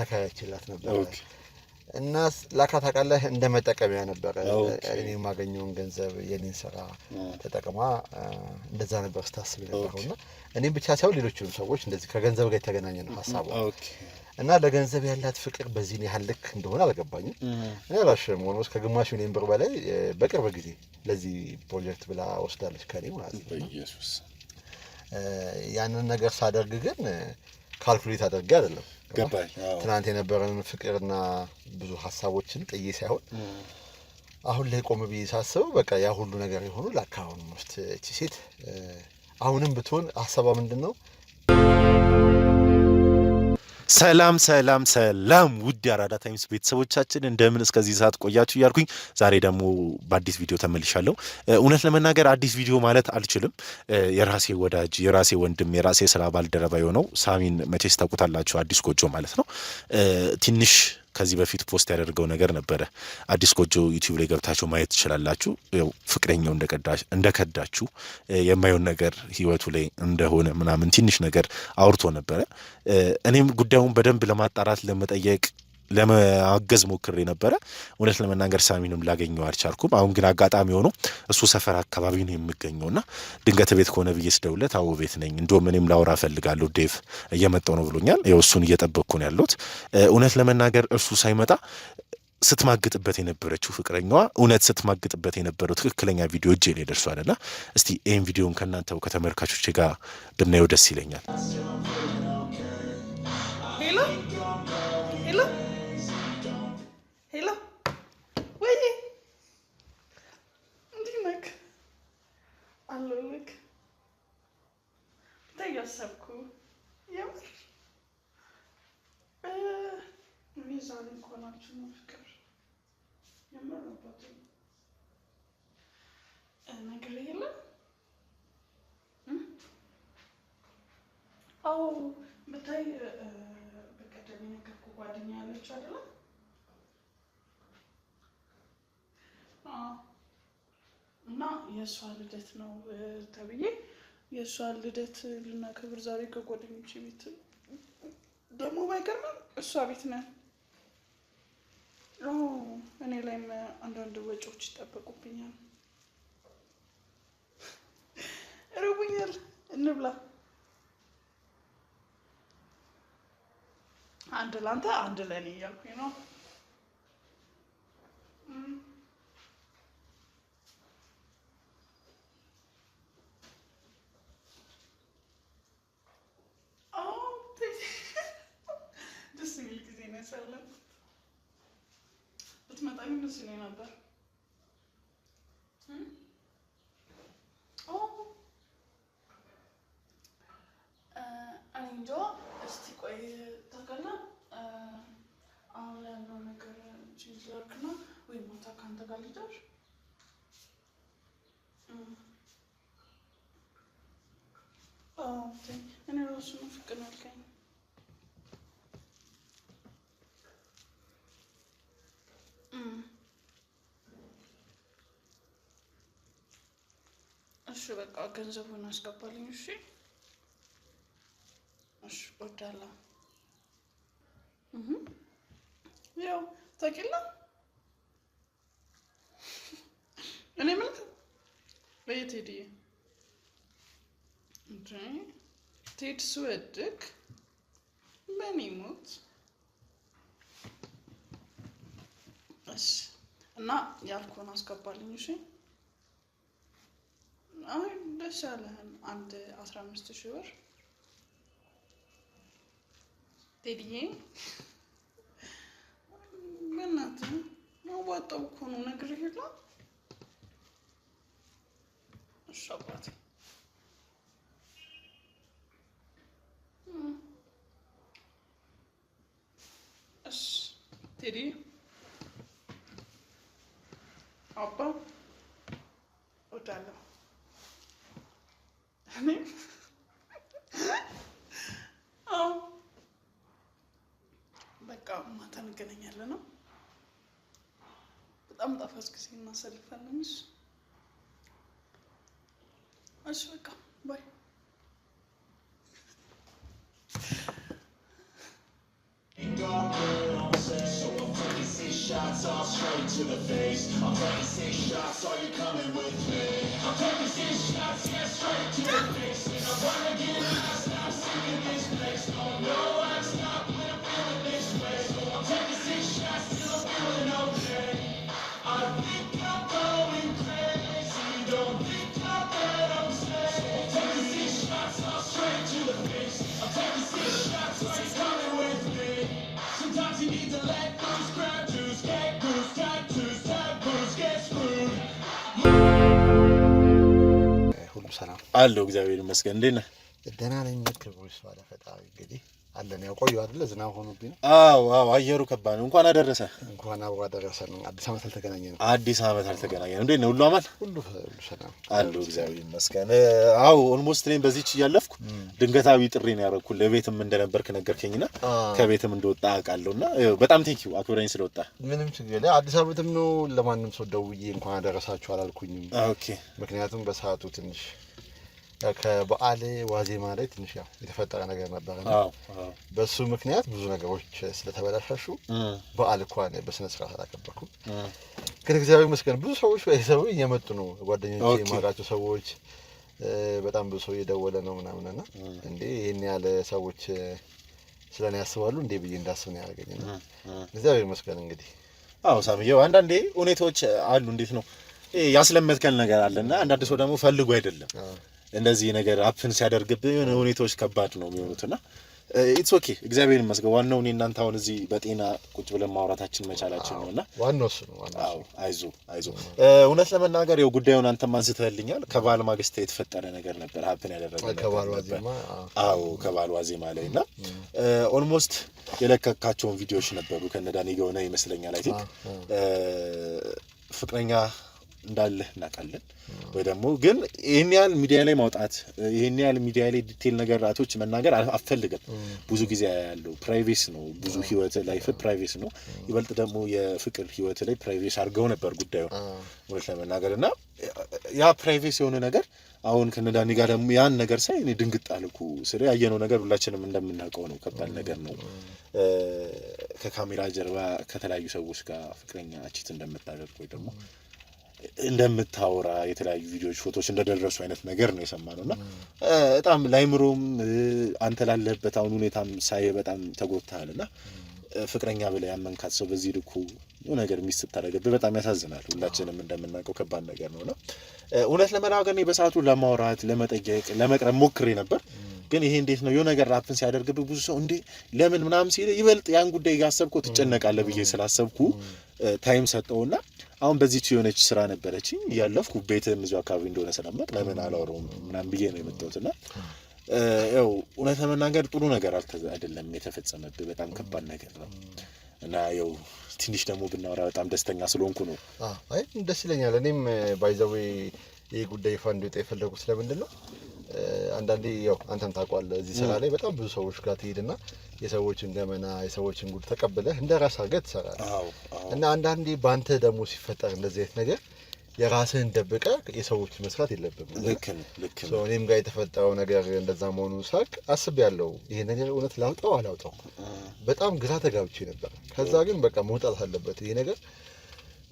አስተካያችላት ነበረ እና ላካ ታውቃለህ፣ እንደ መጠቀሚያ ነበረ። እኔ የማገኘውን ገንዘብ የኔን ስራ ተጠቅማ እንደዛ ነበር ስታስብ የነበረው እና እኔም ብቻ ሳይሆን ሌሎችም ሰዎች እንደዚህ ከገንዘብ ጋር የተገናኘ ነው ሀሳቡ እና ለገንዘብ ያላት ፍቅር በዚህን ያህል ልክ እንደሆነ አልገባኝም። እኔ አላሽም ሆኖ ከግማሽ ሚሊዮን ብር በላይ በቅርብ ጊዜ ለዚህ ፕሮጀክት ብላ ወስዳለች ከኔ ማለት ነው። ያንን ነገር ሳደርግ ግን ካልኩሌት አድርጌ አይደለም ገባኝ። ትናንት የነበረን ፍቅርና ብዙ ሀሳቦችን ጥዬ ሳይሆን አሁን ላይ ቆም ብዬ ሳስበው በቃ ያ ሁሉ ነገር የሆኑ ለአካባቢ ውስጥ እቺ ሴት አሁንም ብትሆን ሀሳቧ ምንድን ነው? ሰላም ሰላም ሰላም ውድ የአራዳ ታይምስ ቤተሰቦቻችን እንደምን እስከዚህ ሰዓት ቆያችሁ እያልኩኝ ዛሬ ደግሞ በአዲስ ቪዲዮ ተመልሻለሁ። እውነት ለመናገር አዲስ ቪዲዮ ማለት አልችልም። የራሴ ወዳጅ፣ የራሴ ወንድም፣ የራሴ ስራ ባልደረባ የሆነው ሳሚን መቼስ ታውቁታላችሁ፣ አዲስ ጎጆ ማለት ነው። ትንሽ ከዚህ በፊት ፖስት ያደርገው ነገር ነበረ። አዲስ ጎጆ ዩቲዩብ ላይ ገብታችሁ ማየት ትችላላችሁ። ፍቅረኛው እንደከዳችሁ የማየውን ነገር ህይወቱ ላይ እንደሆነ ምናምን ትንሽ ነገር አውርቶ ነበረ። እኔም ጉዳዩን በደንብ ለማጣራት ለመጠየቅ ለማገዝ ሞክሬ ነበረ። እውነት ለመናገር ሳሚንም ላገኘው አልቻልኩም። አሁን ግን አጋጣሚ ሆኖ እሱ ሰፈር አካባቢ ነው የምገኘውና ድንገት ቤት ከሆነ ብዬ ስደውልለት አዎ ቤት ነኝ፣ እንዲሁም እኔም ላውራ እፈልጋለሁ ዴቭ እየመጣው ነው ብሎኛል። ያው እሱን እየጠበቅኩ ነው ያለሁት። እውነት ለመናገር እርሱ ሳይመጣ ስትማግጥበት የነበረችው ፍቅረኛዋ እውነት ስትማግጥበት የነበረው ትክክለኛ ቪዲዮ እጄ ላይ ና እስቲ ይህን ቪዲዮን ከእናንተው ከተመልካቾች ጋር ብናየው ደስ ይለኛል። ተያሰብኩ የምር ሚዛን እንኳናችሁ ነው ፍቅር የምር አባቱ ነገር የለም። አዎ ብታይ በቀደም የነገርኩ ጓደኛ ያለች አይደለም እና የእሷ ልደት ነው ተብዬ የእሷን ልደት ልናከብር ዛሬ ከጓደኞች ቤት ደግሞ ባይገርምም እሷ ቤት ነን። እኔ ላይም አንዳንድ ወጪዎች ይጠበቁብኛል። እርቡኛል። እንብላ። አንድ ለአንተ አንድ ለእኔ እያልኩኝ ነው። ሲለኝ ነበር። እንጃ እስቲ ቆይ ታውቃና አሁን ያለው ነገር ቼንጅ ላድርግና ወይ ማታ ከአንተ ጋር ልደር በቃ ገንዘቡን አስገባልኝ። እሺ እሺ፣ ወዳላ ያው ታውቂላ እኔ ምን ለየት ሄድዬ ቴድ ስወድቅ በእኔ ሞት እና ያልኩህን አስገባልኝ። እሺ አይ ደስ ያለህን አንድ አስራ አምስት ሺህ ብር ቴዲዬ በእናትህ ማዋጣው እኮ ነው ነግሬህ የለ እሺ አባቴ ቴዲ አባ እወዳለሁ በቃ ማታ እንገናኛለን ነው። በጣም ጣፋጭ ጊዜ እናሳልፋለን። እሺ፣ እሺ፣ በቃ ባይ Thank all straight to the face. I'm taking six shots, are you coming with me? I'm taking six shots, yeah, straight to the face. And I wanna get out. አለው። እግዚአብሔር ይመስገን። እንዴት ነህ? ደህና ነኝ። ምክር ብሎ ስፋ እንግዲህ አለን። ያው ቆዩ አይደለ? ዝናብ ሆኖብኝ ነው። አዎ አዎ፣ አየሩ ከባድ ነው። እንኳን አደረሰ። እንኳን አብሮ አደረሰ። አዲስ ዓመት አልተገናኘንም። አዲስ ዓመት አልተገናኘንም። እንዴት ነው? ሁሉ አማን፣ ሁሉ ሁሉ ሰላም አለው። እግዚአብሔር ይመስገን። አዎ፣ ኦልሞስት እኔም በዚች እያለፍኩ ድንገታዊ ጥሪ ነው ያደረኩት። ለቤትም እንደነበርክ ነገርከኝና ከቤትም እንደወጣ አውቃለሁና በጣም ዩ አክብረኝ ስለወጣ። ምንም ችግር የለም። አዲስ ዓመትም ነው። ለማንም ሰው ደውዬ እንኳን አደረሳችሁ አላልኩኝም። ኦኬ። ምክንያቱም በሰዓቱ ትንሽ ከበዓል ዋዜማ ላይ ትንሽ ያው የተፈጠረ ነገር ነበረ። በሱ ምክንያት ብዙ ነገሮች ስለተበላሻሹ በዓል እንኳን በስነ ስርዓት አላከበርኩም። ግን እግዚአብሔር ይመስገን ብዙ ሰዎች ሰው እየመጡ ነው። ጓደኞች የማውቃቸው ሰዎች በጣም ብዙ ሰው እየደወለ ነው ምናምን እንዴ ይህን ያለ ሰዎች ስለኔ ያስባሉ እንዴ ብዬ እንዳስብ ነው ያደረገኝ። እግዚአብሔር ይመስገን። እንግዲህ አዎ ሳምየው አንዳንዴ ሁኔታዎች አሉ። እንዴት ነው ያስለመድከን ነገር አለና አንዳንድ ሰው ደግሞ ፈልጎ አይደለም እንደዚህ ነገር አፕን ሲያደርግብህ የሆነ ሁኔታዎች ከባድ ነው የሚሆኑትና ኢትስ ኦኬ እግዚአብሔር ይመስገን። ዋናው እኔ እናንተ አሁን እዚህ በጤና ቁጭ ብለን ማውራታችን መቻላችን ነውና ዋናው እሱ ነው። ዋናው አይዞ አይዞ። እውነት ለመናገር ያው ጉዳዩን አንተም አንስተህልኛል። ከበዓል ማግስት የተፈጠረ ነገር ነበር ሀፕን ያደረገ ከበዓል ዋዜማ አዎ፣ ከበዓል ዋዜማ ላይ እና ኦልሞስት የለቀካቸውን ቪዲዮዎች ነበሩ ከነዳኒ ገሆነ ይመስለኛል አይ ቲንክ ፍቅረኛ እንዳለህ እናውቃለን። ወይ ደግሞ ግን ይህን ያህል ሚዲያ ላይ ማውጣት ይህን ያህል ሚዲያ ላይ ዲቴል ነገር አቶች መናገር አፈልግም። ብዙ ጊዜ ያለው ፕራይቬሲ ነው። ብዙ ህይወት ላይፍ ፕራይቬሲ ነው። ይበልጥ ደግሞ የፍቅር ህይወት ላይ ፕራይቬሲ አድርገው ነበር ጉዳዩ እውነት ለመናገር እና ያ ፕራይቬሲ የሆነ ነገር አሁን ከነዳኒ ጋር ደግሞ ያን ነገር ሳይ እኔ ድንግጥ አልኩ። ስለ ያየነው ነገር ሁላችንም እንደምናውቀው ነው። ከባድ ነገር ነው። ከካሜራ ጀርባ ከተለያዩ ሰዎች ጋር ፍቅረኛ ቺት እንደምታደርግ ወይ ደግሞ እንደምታወራ የተለያዩ ቪዲዮዎች፣ ፎቶዎች እንደደረሱ አይነት ነገር ነው የሰማነው እና በጣም ላይምሮም አንተ ላለበት አሁን ሁኔታም ሳይ በጣም ተጎድተሃል እና ፍቅረኛ ብለህ ያመንካት ሰው በዚህ ልኩ ነገር ሚስት ስታደርግብህ በጣም ያሳዝናል። ሁላችንም እንደምናውቀው ከባድ ነገር ነው እና እውነት ለመናገር እኔ በሰዓቱ ለማውራት፣ ለመጠየቅ፣ ለመቅረብ ሞክሬ ነበር ግን ይሄ እንዴት ነው የሆነ ነገር ራፍን ሲያደርግብህ ብዙ ሰው እንዴ ለምን ምናምን ሲል ይበልጥ ያን ጉዳይ እያሰብከው ትጨነቃለህ ብዬ ስላሰብኩ ታይም ሰጠውና አሁን በዚህ የሆነች ስራ ነበረችኝ እያለፍኩ ቤትም እዚሁ አካባቢ እንደሆነ ስለማቅ ለምን አላወራውም ምናምን ብዬ ነው የመጣሁትና ያው እውነት ለመናገር ጥሩ ነገር አይደለም የተፈጸመብህ፣ በጣም ከባድ ነገር ነው እና ያው ትንሽ ደግሞ ብናወራ በጣም ደስተኛ ስለሆንኩ ነው። አይ ደስ ይለኛል። እኔም ባይዘዌ ይህ ጉዳይ ይፋ እንዲወጣ የፈለጉት ስለምንድን ነው አንዳንዴ ያው አንተም ታውቋለህ እዚህ ስራ ላይ በጣም ብዙ ሰዎች ጋር ትሄድና የሰዎችን ገመና የሰዎችን ጉድ ተቀብለህ እንደ ራስ አድርገህ ትሰራለህ እና አንዳንዴ በአንተ ደግሞ ሲፈጠር እንደዚህ አይነት ነገር የራስህን ደብቀህ የሰዎች መስራት የለብም። እኔም ጋር የተፈጠረው ነገር እንደዛ መሆኑ ሳቅ አስብ ያለው ይሄ ነገር እውነት ላውጣው አላውጣው በጣም ግራ ተጋብቼ ነበር። ከዛ ግን በቃ መውጣት አለበት ይሄ ነገር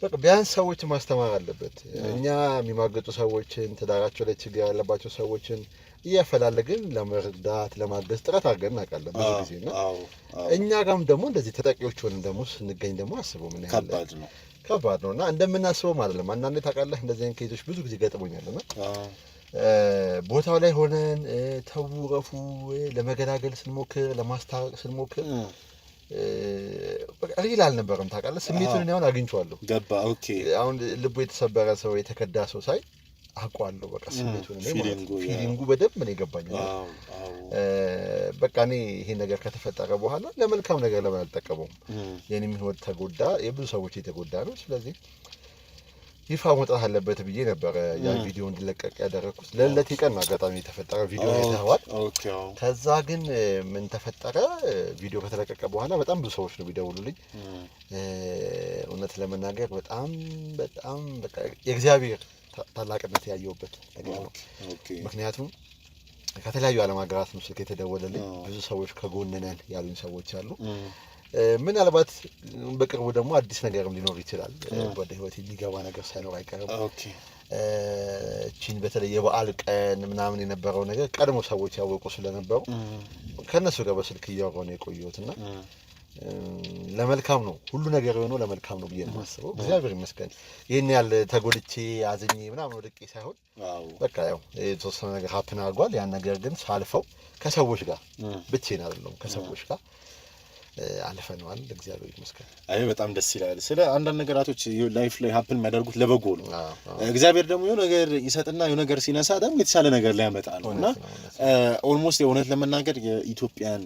በቃ ቢያንስ ሰዎች ማስተማር አለበት። እኛ የሚማገጡ ሰዎችን ትዳራቸው ላይ ችግር ያለባቸው ሰዎችን እያፈላለግን ለመርዳት ለማገዝ ጥረት አድርገን እናውቃለን ብዙ ጊዜ እና እኛ ጋርም ደግሞ እንደዚህ ተጠቂዎች ሆንም ደግሞ ስንገኝ ደግሞ አስበው ምን ያህል ከባድ ነው እና እንደምናስበውም አይደለም። አንዳንዴ ታውቃለህ እንደዚህ አይነት ኬዞች ብዙ ጊዜ ገጥሞኛል እና ቦታው ላይ ሆነን ተው ረፉ ለመገላገል ስንሞክር ለማስታረቅ ስንሞክር ሪል አልነበረም። ታውቃለህ ስሜቱን እኔ አሁን አግኝቼዋለሁ። ገባ ኦኬ። አሁን ልቡ የተሰበረ ሰው የተከዳ ሰው ሳይ አውቀዋለሁ። በቃ ስሜቱን ፊሊንጉ በደንብ ነው የገባኝ። በቃ እኔ ይሄ ነገር ከተፈጠረ በኋላ ለመልካም ነገር ለምን አልጠቀመውም? የኔም ህይወት ተጎዳ፣ የብዙ ሰዎች የተጎዳ ነው። ስለዚህ ይፋ መውጣት አለበት ብዬ ነበረ ያ ቪዲዮ እንዲለቀቅ ያደረግኩት ለለት ቀን አጋጣሚ የተፈጠረ ቪዲዮ ይተዋል። ከዛ ግን ምን ተፈጠረ? ቪዲዮ ከተለቀቀ በኋላ በጣም ብዙ ሰዎች ነው ቢደውሉልኝ። እውነት ለመናገር በጣም በጣም የእግዚአብሔር ታላቅነት ያየውበት ነገር ነው። ምክንያቱም ከተለያዩ ዓለም ሀገራት ነው ስልክ የተደወለልኝ። ብዙ ሰዎች ከጎንነን ያሉኝ ሰዎች አሉ። ምናልባት በቅርቡ ደግሞ አዲስ ነገርም ሊኖር ይችላል። ወደ ህይወት የሚገባ ነገር ሳይኖር አይቀርም። እቺን በተለይ የበዓል ቀን ምናምን የነበረው ነገር ቀድሞ ሰዎች ያወቁ ስለነበሩ ከእነሱ ጋር በስልክ እያወራሁ ነው የቆየሁት እና ለመልካም ነው ሁሉ ነገር የሆነው ለመልካም ነው ብዬ ነው የማስበው። እግዚአብሔር ይመስገን ይህን ያህል ተጎድቼ አዝኜ ምናምን ወድቄ ሳይሆን በቃ ያው የተወሰነ ነገር ሀፕን አድርጓል። ያን ነገር ግን ሳልፈው ከሰዎች ጋር ብቼን አይደለሁም ከሰዎች ጋር አልፈነዋል። እግዚአብሔር ይመስገን። አይ በጣም ደስ ይላል። ስለ አንዳንድ ነገራቶች ላይፍ ላይ ሀፕን የሚያደርጉት ለበጎ ነው። እግዚአብሔር ደግሞ የሆነ ነገር ይሰጥና የሆነ ነገር ሲነሳ ደግሞ የተሻለ ነገር ላይ ያመጣ ነው እና ኦልሞስት የእውነት ለመናገር የኢትዮጵያን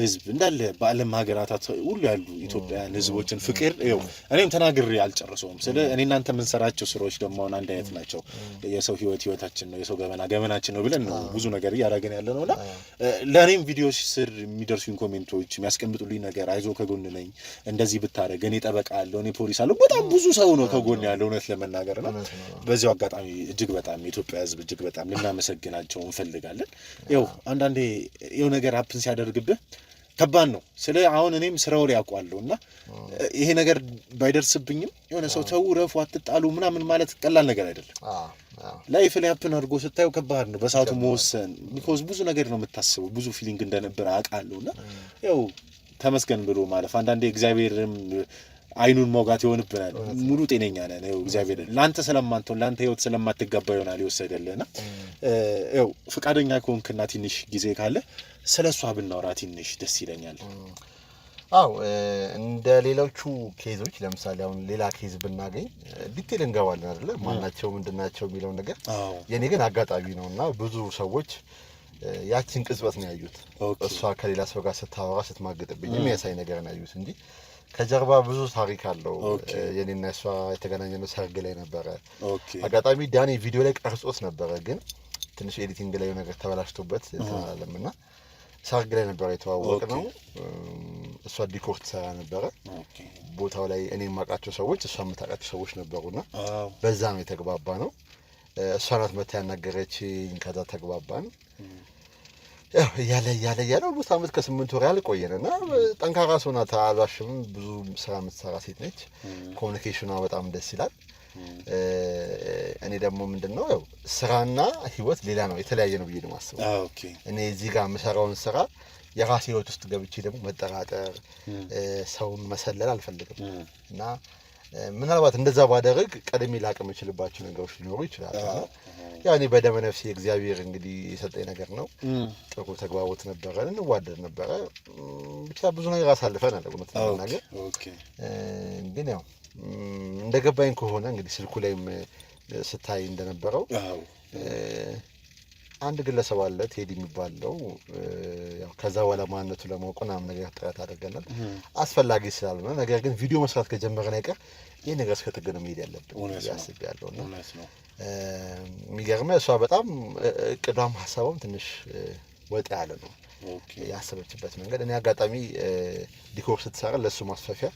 ህዝብ እንዳለ በዓለም ሀገራታት ሁሉ ያሉ ኢትዮጵያውያን ህዝቦችን ፍቅር ው እኔም ተናግሬ አልጨረሰውም ስለ እኔ እናንተ የምንሰራቸው ስራዎች ደግሞ አሁን አንድ አይነት ናቸው። የሰው ህይወት ህይወታችን ነው፣ የሰው ገመና ገመናችን ነው ብለን ነው ብዙ ነገር እያደረገን ያለ ነው እና ለእኔም ቪዲዮች ስር የሚደርሱኝ ኮሜንቶች የሚያስቀምጡልኝ ነገር አይዞ ከጎን ነኝ፣ እንደዚህ ብታደረግ፣ እኔ ጠበቃ አለው፣ እኔ ፖሊስ አለው፣ በጣም ብዙ ሰው ነው ከጎን ያለው እውነት ለመናገር ነው። በዚያው አጋጣሚ እጅግ በጣም የኢትዮጵያ ህዝብ እጅግ በጣም ልናመሰግናቸው እንፈልጋለን። ው አንዳንዴ የው ነገር ሀፕን ሲያደርግብህ ከባድ ነው። ስለ አሁን እኔም ስራውን ያውቋለሁ እና ይሄ ነገር ባይደርስብኝም የሆነ ሰው ተው ረፉ፣ አትጣሉ ምናምን ማለት ቀላል ነገር አይደለም። ላይፍ ላይ ሀፕን አድርጎ ስታየው ከባድ ነው በሰዓቱ መወሰን። ቢኮዝ ብዙ ነገር ነው የምታስበው፣ ብዙ ፊሊንግ እንደነበረ አውቃለሁ እና ያው ተመስገን ብሎ ማለፍ አንዳንዴ እግዚአብሔርም አይኑን መውጋት ይሆንብናል። ሙሉ ጤነኛ ነን። ው እግዚአብሔር ለአንተ ስለማንተው ለአንተ ህይወት ስለማትገባ ይሆናል ይወሰደልህና፣ ው ፈቃደኛ ከሆንክና ትንሽ ጊዜ ካለ ስለ እሷ ብናወራ ትንሽ ደስ ይለኛል። አው እንደ ሌሎቹ ኬዞች ለምሳሌ አሁን ሌላ ኬዝ ብናገኝ ዲቴል እንገባለን አይደለ? ማናቸው ምንድናቸው የሚለው ነገር። የኔ ግን አጋጣሚ ነው እና ብዙ ሰዎች ያችን ቅጽበት ነው ያዩት። እሷ ከሌላ ሰው ጋር ስታወራ ስትማግጥብኝ የሚያሳይ ነገር ነው ያዩት እንጂ ከጀርባ ብዙ ታሪክ አለው። የኔና እሷ የተገናኘነው ሰርግ ላይ ነበረ። አጋጣሚ ዳኔ ቪዲዮ ላይ ቀርጾት ነበረ፣ ግን ትንሽ ኤዲቲንግ ላይ ነገር ተበላሽቶበት ተላለም ሰርግ ላይ ነበረ የተዋወቅ ነው። እሷ ዲኮር ትሰራ ነበረ ቦታው ላይ እኔ የማውቃቸው ሰዎች እሷ የምታውቃቸው ሰዎች ነበሩና በዛ ነው የተግባባ ነው። እሷ ናት መታ ያናገረችኝ። ከዛ ተግባባን እያለ እያለ እያለ ሁለት ዓመት ከስምንት ወር ያህል ቆየን እና ጠንካራ ሰው ናት፣ አልዋሽም። ብዙ ስራ የምትሰራ ሴት ነች። ኮሚኒኬሽኗ በጣም ደስ ይላል። እኔ ደግሞ ምንድን ነው ያው ስራና ህይወት ሌላ ነው የተለያየ ነው ብዬ ነው የማስበው። እኔ እዚህ ጋር የምሰራውን ስራ የራሴ ህይወት ውስጥ ገብቼ ደግሞ መጠራጠር፣ ሰውን መሰለል አልፈልግም እና ምናልባት እንደዛ ባደረግ ቀድሜ ላቅ የምችልባቸው ነገሮች ሊኖሩ ይችላል። ያው እኔ በደመ ነፍሴ እግዚአብሔር እንግዲህ የሰጠኝ ነገር ነው። ጥሩ ተግባቦት ነበረ፣ እንዋደድ ነበረ። ብቻ ብዙ ነገር አሳልፈን አለ እውነት ግን ያው እንደገባኝ ከሆነ እንግዲህ ስልኩ ላይም ስታይ እንደነበረው አንድ ግለሰብ አለ ቴዲ የሚባለው ከዛ በኋላ ማንነቱ ለማወቅ ምናምን ነገር ጥረት አድርገናል። አስፈላጊ ስላልሆነ ነገር ግን ቪዲዮ መስራት ከጀመረን አይቀር ይህ ነገር እስከ ጥግ ነው መሄድ ያለብን ያስብ ያለው ና የሚገርመ እሷ በጣም ቅዷም ሀሳቧም ትንሽ ወጥ ያለ ነው ያሰበችበት መንገድ። እኔ አጋጣሚ ዲኮር ስትሰራ ለእሱ ማስፈፊያ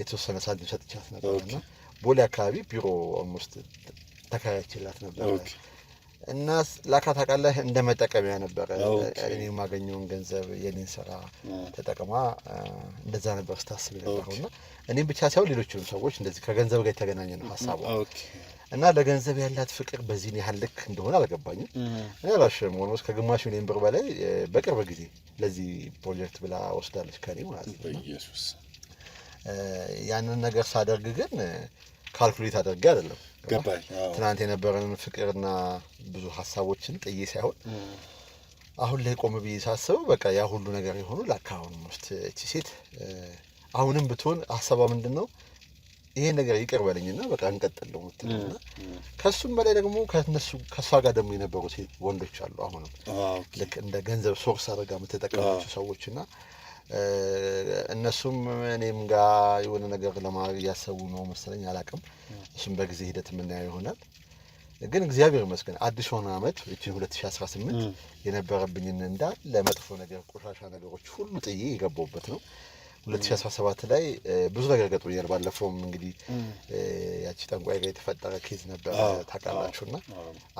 የተወሰነ ሳንቲም ሰጥቻት ነበር እና ቦሌ አካባቢ ቢሮ ኦልሞስት ተከራይቼላት ነበር እና ላካ ታውቃለህ፣ እንደ መጠቀሚያ ነበረ። እኔ የማገኘውን ገንዘብ የኔን ስራ ተጠቅማ እንደዛ ነበር ስታስብ የነበረው እና እኔም ብቻ ሳይሆን ሌሎችም ሰዎች እንደዚህ ከገንዘብ ጋር የተገናኘ ነው ሀሳቧ እና ለገንዘብ ያላት ፍቅር በዚህን ያህል ልክ እንደሆነ አልገባኝም። እኔ አላሸም ኦልሞስት ከግማሽ ሚሊዮን ብር በላይ በቅርብ ጊዜ ለዚህ ፕሮጀክት ብላ ወስዳለች ከኔ ማለት ነው። ያንን ነገር ሳደርግ ግን ካልኩሌት አድርጌ አይደለም። ትናንት የነበረንን ፍቅርና ብዙ ሀሳቦችን ጥዬ ሳይሆን አሁን ላይ ቆም ብዬ ሳስበው በቃ ያ ሁሉ ነገር የሆኑ ለአካባቢ ውስጥ እቺ ሴት አሁንም ብትሆን ሀሳቧ ምንድን ነው ይሄ ነገር ይቅር በለኝና በቃ እንቀጥል ነው ምትልና ከሱም በላይ ደግሞ ከነሱ ከእሷ ጋር ደግሞ የነበሩ ወንዶች አሉ። አሁንም ልክ እንደ ገንዘብ ሶርስ አድርጋ የምትጠቀማቸው ሰዎችና እነሱም እኔም ጋር የሆነ ነገር ለማድረግ እያሰቡ ነው መሰለኝ፣ አላቅም። እሱም በጊዜ ሂደት የምናየው ይሆናል። ግን እግዚአብሔር ይመስገን አዲስ ሆነ አመት እችን 2018 የነበረብኝን እንዳለ መጥፎ ነገር ቆሻሻ ነገሮች ሁሉ ጥዬ የገባሁበት ነው። 2017 ላይ ብዙ ነገር ገጥሞኛል። ባለፈውም እንግዲህ ያቺ ጠንቋይ ጋር የተፈጠረ ኬዝ ነበረ ታውቃላችሁ። እና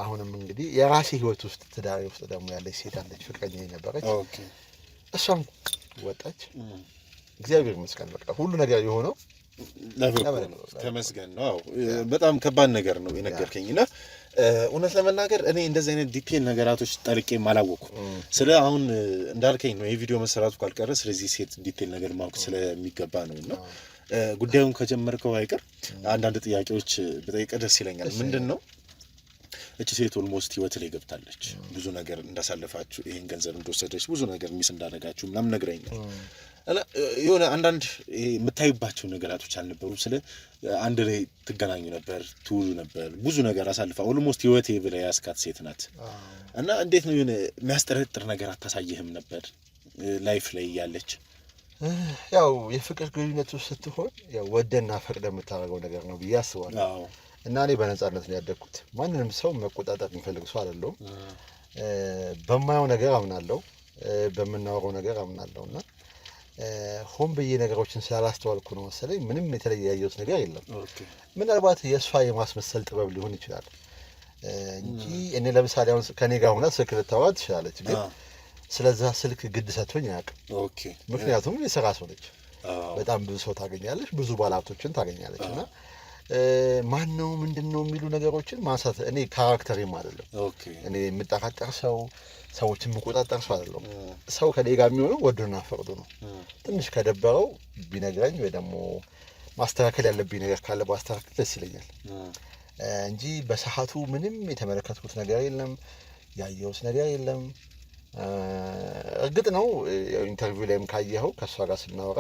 አሁንም እንግዲህ የራሴ ህይወት ውስጥ ትዳሬ ውስጥ ደግሞ ያለች ሴት አለች፣ ፍቅረኛ የነበረች እሷም ወጣች። እግዚአብሔር ይመስገን። በቃ ሁሉ ነገር የሆነው ተመስገን ነው። በጣም ከባድ ነገር ነው የነገርከኝና እውነት ለመናገር እኔ እንደዚህ አይነት ዲቴል ነገራቶች ጠልቄም አላወኩም። ስለ አሁን እንዳልከኝ ነው የቪዲዮ መሰራቱ ካልቀረ ስለዚህ ሴት ዲቴል ነገር ማወቅ ስለሚገባ ነው እና ጉዳዩን ከጀመርከው አይቀር አንዳንድ ጥያቄዎች በጠይቀ ደስ ይለኛል። ምንድን ነው እቺ ሴት ኦልሞስት ህይወት ላይ ገብታለች። ብዙ ነገር እንዳሳለፋችሁ ይሄን ገንዘብ እንደወሰደች ብዙ ነገር ሚስ እንዳደረጋችሁ ምናምን ነግረኛል። የሆነ አንዳንድ የምታዩባቸው ነገራቶች አልነበሩ ስለ አንድ ላይ ትገናኙ ነበር፣ ትውሉ ነበር፣ ብዙ ነገር አሳልፋ ኦልሞስት ህይወቴ ብላ ያስካት ሴት ናት። እና እንዴት ነው የሆነ የሚያስጠረጥር ነገር አታሳይህም ነበር ላይፍ ላይ እያለች ያው የፍቅር ግንኙነቱ ስትሆን ወደና ፈቅደ የምታደርገው ነገር ነው ብዬ አስባለሁ። እና እኔ በነጻነት ነው ያደግኩት። ማንንም ሰው መቆጣጠር የሚፈልግ ሰው አይደለሁም። በማየው ነገር አምናለሁ፣ በምናወረው ነገር አምናለሁ። እና ሆን ብዬ ነገሮችን ስላላስተዋልኩ ነው መሰለኝ ምንም የተለየ ያየሁት ነገር የለም። ምናልባት የእሷ የማስመሰል ጥበብ ሊሆን ይችላል እንጂ እኔ ለምሳሌ አሁን ከኔ ጋር ሆና ስልክ ልታወራ ትችላለች፣ ግን ስለዛ ስልክ ግድ ሰጥቶኝ አያውቅም። ምክንያቱም የስራ ሰው ነች። በጣም ብዙ ሰው ታገኛለች፣ ብዙ ባለሀብቶችን ታገኛለች እና ማን ነው ምንድን ነው የሚሉ ነገሮችን ማንሳት እኔ ካራክተሬም አይደለም። እኔ የምጠራጠር ሰው ሰዎች የምቆጣጠር ሰው አይደለም። ሰው ከኔ ጋር የሚሆነው ወዶና ፈቅዶ ነው። ትንሽ ከደበረው ቢነግረኝ ወይ ደግሞ ማስተካከል ያለብኝ ነገር ካለ ማስተካከል ደስ ይለኛል እንጂ በሰዓቱ ምንም የተመለከትኩት ነገር የለም፣ ያየሁት ነገር የለም። እርግጥ ነው ኢንተርቪው ላይም ካየኸው ከእሷ ጋር ስናወራ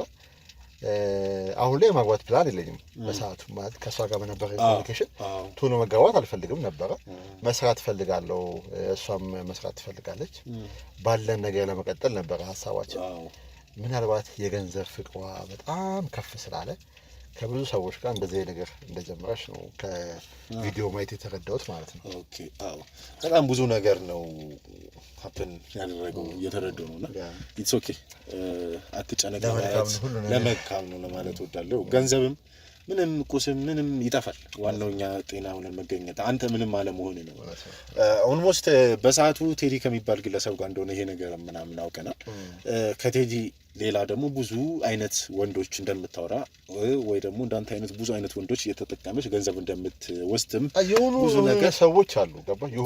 አሁን ላይ የማግባት ፕላን የለኝም። በሰዓቱ ማለት ከእሷ ጋር በነበረ ኮሚኒኬሽን ቶሎ መጋባት አልፈልግም ነበረ። መስራት እፈልጋለሁ፣ እሷም መስራት ትፈልጋለች። ባለን ነገር ለመቀጠል ነበረ ሀሳባችን። ምናልባት የገንዘብ ፍቅሯ በጣም ከፍ ስላለ ከብዙ ሰዎች ጋር እንደዚህ ነገር እንደጀመረች ነው ከቪዲዮ ማየት የተረዳሁት ማለት ነው። ኦኬ አዎ፣ በጣም ብዙ ነገር ነው ሀፕን ያደረገው እየተረዳሁ ነው። እና ኢትስ ኦኬ አትጨነቅ፣ ለመልካም ነው ለማለት ወዳለው ገንዘብም ምንም ቁስም ምንም ይጠፋል። ዋናው እኛ ጤና ሆነን መገኘት፣ አንተ ምንም አለመሆን ነው። ኦልሞስት በሰዓቱ ቴዲ ከሚባል ግለሰብ ጋር እንደሆነ ይሄ ነገር ምናምን አውቀናል። ከቴዲ ሌላ ደግሞ ብዙ አይነት ወንዶች እንደምታወራ ወይ ደግሞ እንዳንተ አይነት ብዙ አይነት ወንዶች እየተጠቀመች ገንዘብ እንደምትወስድም ብዙ ነገር ሰዎች አሉ።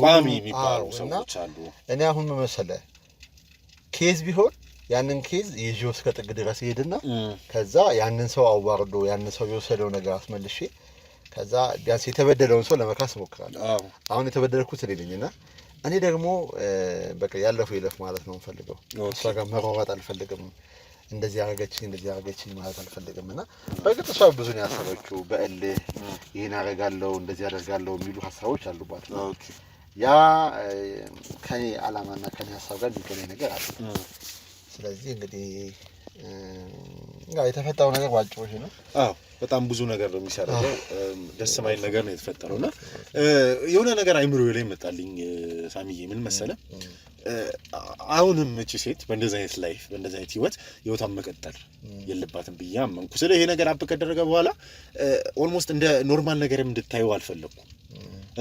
ቋሚ የሚባሉ ሰዎች አሉ። እኔ አሁን መሰለ ኬዝ ቢሆን ያንን ኬዝ ይዤው እስከ ጥግ ድረስ ይሄድና ከዛ ያንን ሰው አዋርዶ ያንን ሰው የወሰደው ነገር አስመልሼ ከዛ ቢያንስ የተበደለውን ሰው ለመካስ እሞክራለሁ። አሁን የተበደልኩት እኔ ነኝ እና እኔ ደግሞ በቃ ያለፉ ይለፍ ማለት ነው የምፈልገው። እሷ ጋር መሯሯጥ አልፈልግም። እንደዚህ አረገችኝ እንደዚህ አረገችኝ ማለት አልፈልግም። እና በእርግጥ እሷ ብዙ ነው ያሰበችው። በእልህ ይህን አረጋለው እንደዚህ አደርጋለሁ የሚሉ ሀሳቦች አሉባት። ያ ከኔ አላማና ከኔ ሀሳብ ጋር የሚገናኝ ነገር አለ ስለዚህ እንግዲህ የተፈጠረው ነገር ባጭሩ ነው። አዎ በጣም ብዙ ነገር ነው የሚሰራው። ደስ ማይል ነገር ነው የተፈጠረው እና የሆነ ነገር አይምሮ ላይ መጣልኝ ሳሚዬ። ምን መሰለ አሁንም እቺ ሴት በእንደዚህ አይነት ላይፍ በእንደዚህ አይነት ህይወት ህይወቷን መቀጠል የለባትም ብዬ አመንኩ። ስለ ይሄ ነገር አብ ከደረገ በኋላ ኦልሞስት እንደ ኖርማል ነገርም እንድታየው አልፈለግኩም።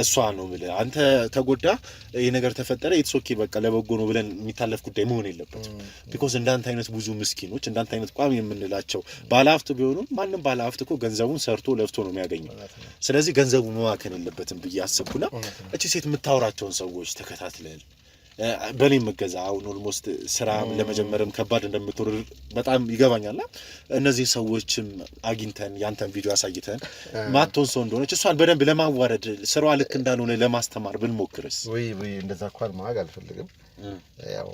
እሷ ነው ብለ አንተ ተጎዳ፣ ይህ ነገር ተፈጠረ፣ የተሶኬ በቃ ለበጎ ነው ብለን የሚታለፍ ጉዳይ መሆን የለበትም። ቢኮዝ እንዳንተ አይነት ብዙ ምስኪኖች፣ እንዳንተ አይነት ቋሚ የምንላቸው ባለሀብት ቢሆኑም ማንም ባለሀብት እኮ ገንዘቡን ሰርቶ ለፍቶ ነው የሚያገኘው። ስለዚህ ገንዘቡ መዋከን የለበትም ብዬ አስብኩና እቺ ሴት የምታወራቸውን ሰዎች ተከታትለል በእኔ የምገዛ አሁን ኦልሞስት ስራ ለመጀመርም ከባድ እንደምትወርድ በጣም ይገባኛልና እነዚህ ሰዎችም አግኝተን ያንተን ቪዲዮ አሳይተን ማቶን ሰው እንደሆነች እሷን በደንብ ለማዋረድ ስራዋ ልክ እንዳልሆነ ለማስተማር ብንሞክርስ? ወይ ወይ እንደዛ እንኳን ማግ አልፈልግም። ያው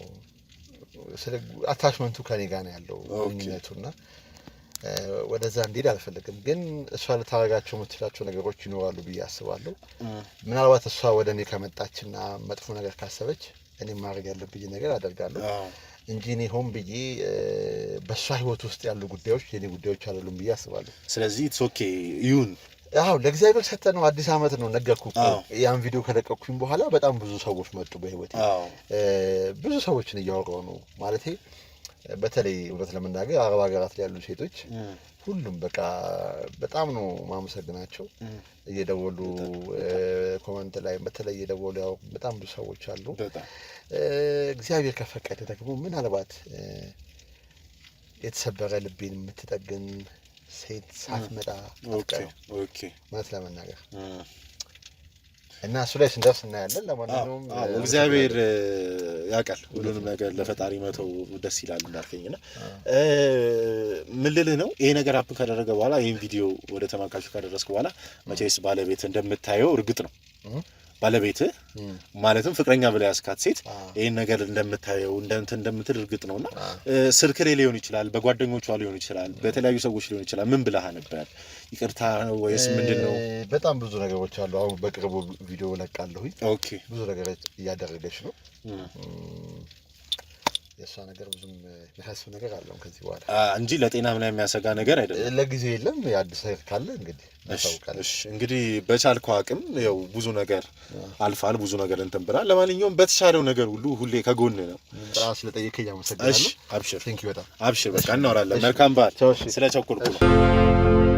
ስለ አታችመንቱ ከኔ ጋር ነው ያለው ግንኙነቱና ወደዛ እንዲሄድ አልፈልግም። ግን እሷ ልታረጋቸው የምትችላቸው ነገሮች ይኖራሉ ብዬ አስባለሁ። ምናልባት እሷ ወደ እኔ ከመጣችና መጥፎ ነገር ካሰበች እኔ ማድረግ ያለብኝ ነገር አደርጋለሁ እንጂ እኔ ሆን ብዬ በእሷ ህይወት ውስጥ ያሉ ጉዳዮች የኔ ጉዳዮች አይደሉም ብዬ አስባለሁ። ስለዚህ ኢትስ ኦኬ ይሁን። አዎ ለእግዚአብሔር ሰጠ ነው። አዲስ አመት ነው ነገርኩ። ያን ቪዲዮ ከለቀኩኝ በኋላ በጣም ብዙ ሰዎች መጡ በህይወቴ። ብዙ ሰዎችን እያወራሁ ነው ማለቴ በተለይ እውነት ለመናገር አረብ ሀገራት ላይ ያሉ ሴቶች ሁሉም በቃ በጣም ነው ማመሰግናቸው። እየደወሉ ኮመንት ላይ በተለይ እየደወሉ ያው በጣም ብዙ ሰዎች አሉ። እግዚአብሔር ከፈቀደ ደግሞ ምናልባት የተሰበረ ልቤን የምትጠግን ሴት ሳትመጣ ማለት ለመናገር እና እሱ ላይ ስንደርስ እናያለን። ለማንኛውም እግዚአብሔር ያውቃል ሁሉንም ነገር ለፈጣሪ መተው ደስ ይላል እንዳልከኝ ና ምን ልልህ ነው ይሄ ነገር አፕ ካደረገ በኋላ ይህን ቪዲዮ ወደ ተመልካቹ ካደረስኩ በኋላ መቼስ ባለቤት እንደምታየው እርግጥ ነው ባለቤትህ ማለትም ፍቅረኛ ብላ ያስካት ሴት ይህን ነገር እንደምታየው እንደንት እንደምትል እርግጥ ነውና ስልክ ላይ ሊሆን ይችላል፣ በጓደኞቿ ሊሆን ይችላል፣ በተለያዩ ሰዎች ሊሆን ይችላል። ምን ብለህ ነበር? ይቅርታ ነው ወይስ ምንድን ነው? በጣም ብዙ ነገሮች አሉ። አሁን በቅርቡ ቪዲዮ ለቃለሁኝ። ኦኬ ብዙ ነገሮች እያደረገች ነው የእሷ ነገር ብዙም የሚያሳስብ ነገር አለው ከዚህ በኋላ እንጂ ለጤና ምን የሚያሰጋ ነገር አይደለም። ለጊዜ የለም። የአዲስ ሀይል ካለ እንግዲህ እንግዲህ በቻልኩ አቅም ያው ብዙ ነገር አልፋል፣ ብዙ ነገር እንትን ብላል። ለማንኛውም በተሻለው ነገር ሁሉ ሁሌ ከጎን ነው። ስለጠየቀኝ አመሰግናለሁ። አብሽር፣ አብሽር። በቃ እናወራለን። መልካም በዓል። ስለ ቸኮልኩ ነው።